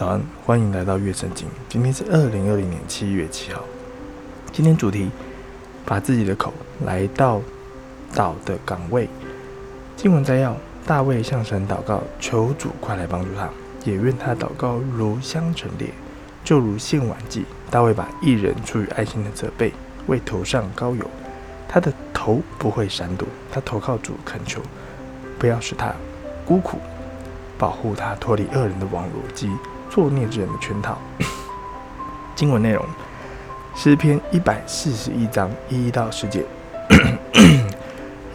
早安，歡迎來到樂聖經。今天是二零二零年七月七號。今天主題：把自己的口來到禱的崗位。經文摘要：大衛向神禱告，求主快來幫助他，也願他禱告如香陳列，就如獻晚祭。大衛把義人出於愛心的責備，為頭上膏油，他的頭不會閃躲。他投靠主，懇求不要使他孤苦，保護他脫離惡人的網羅。及。作孽之人的圈套。 經文內容：詩篇一百四十一章一,一到十節。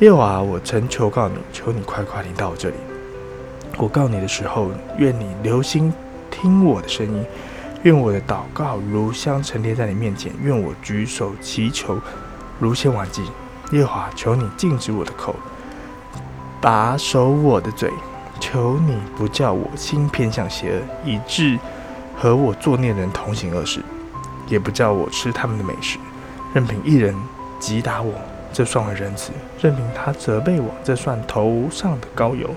耶和 華， 我曾求告你，求你快快臨到我這裡。我告你的時候，願你留心聽我的聲音；願我的禱告如香陳列在你面前；願我舉手祈求如先，如獻晚祭。耶和華，求你禁止我的口，把守我的嘴。求你不叫我心偏向邪惡，以致和我作孽的人同行惡事，也不叫我吃他們的美食，任憑義人擊打我，這算為仁慈；任憑他責備我，這算頭上的膏油。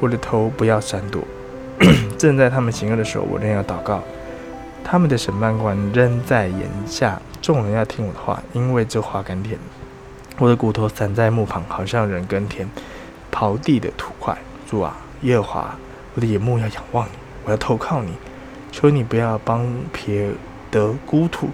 我的頭不要閃躲。 正在他們行惡的時候，我仍要禱告。他們的審判官扔在巖下，眾人要聽我的話，因為這話甘甜。我的骨頭散在墓旁，好像人耕田刨地的土塊。主啊。耶和華，我的眼目要仰望你，我要投靠你，求你不要撇得孤苦，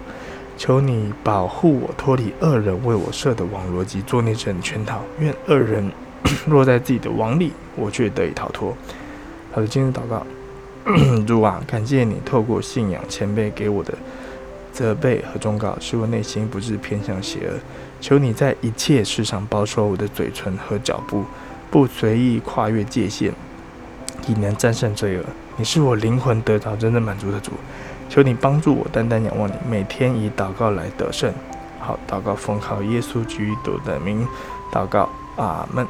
求你保護我脫離惡人為我設的網羅及作孽者的圈套。願惡人 落在自己的網裡，我卻得以逃脫。好的，今日禱告，主 啊，感謝你透過信仰前輩給我的責備和忠告，使我內心不致偏向邪惡。求你在一切事上保守我的嘴唇和腳步，不隨意跨越界限。以能戰勝罪惡，你是我靈魂得到真正滿足的主，求你幫助我，單單仰望你，每天以禱告來得勝。好，禱告奉靠耶穌基督的名，禱告阿門。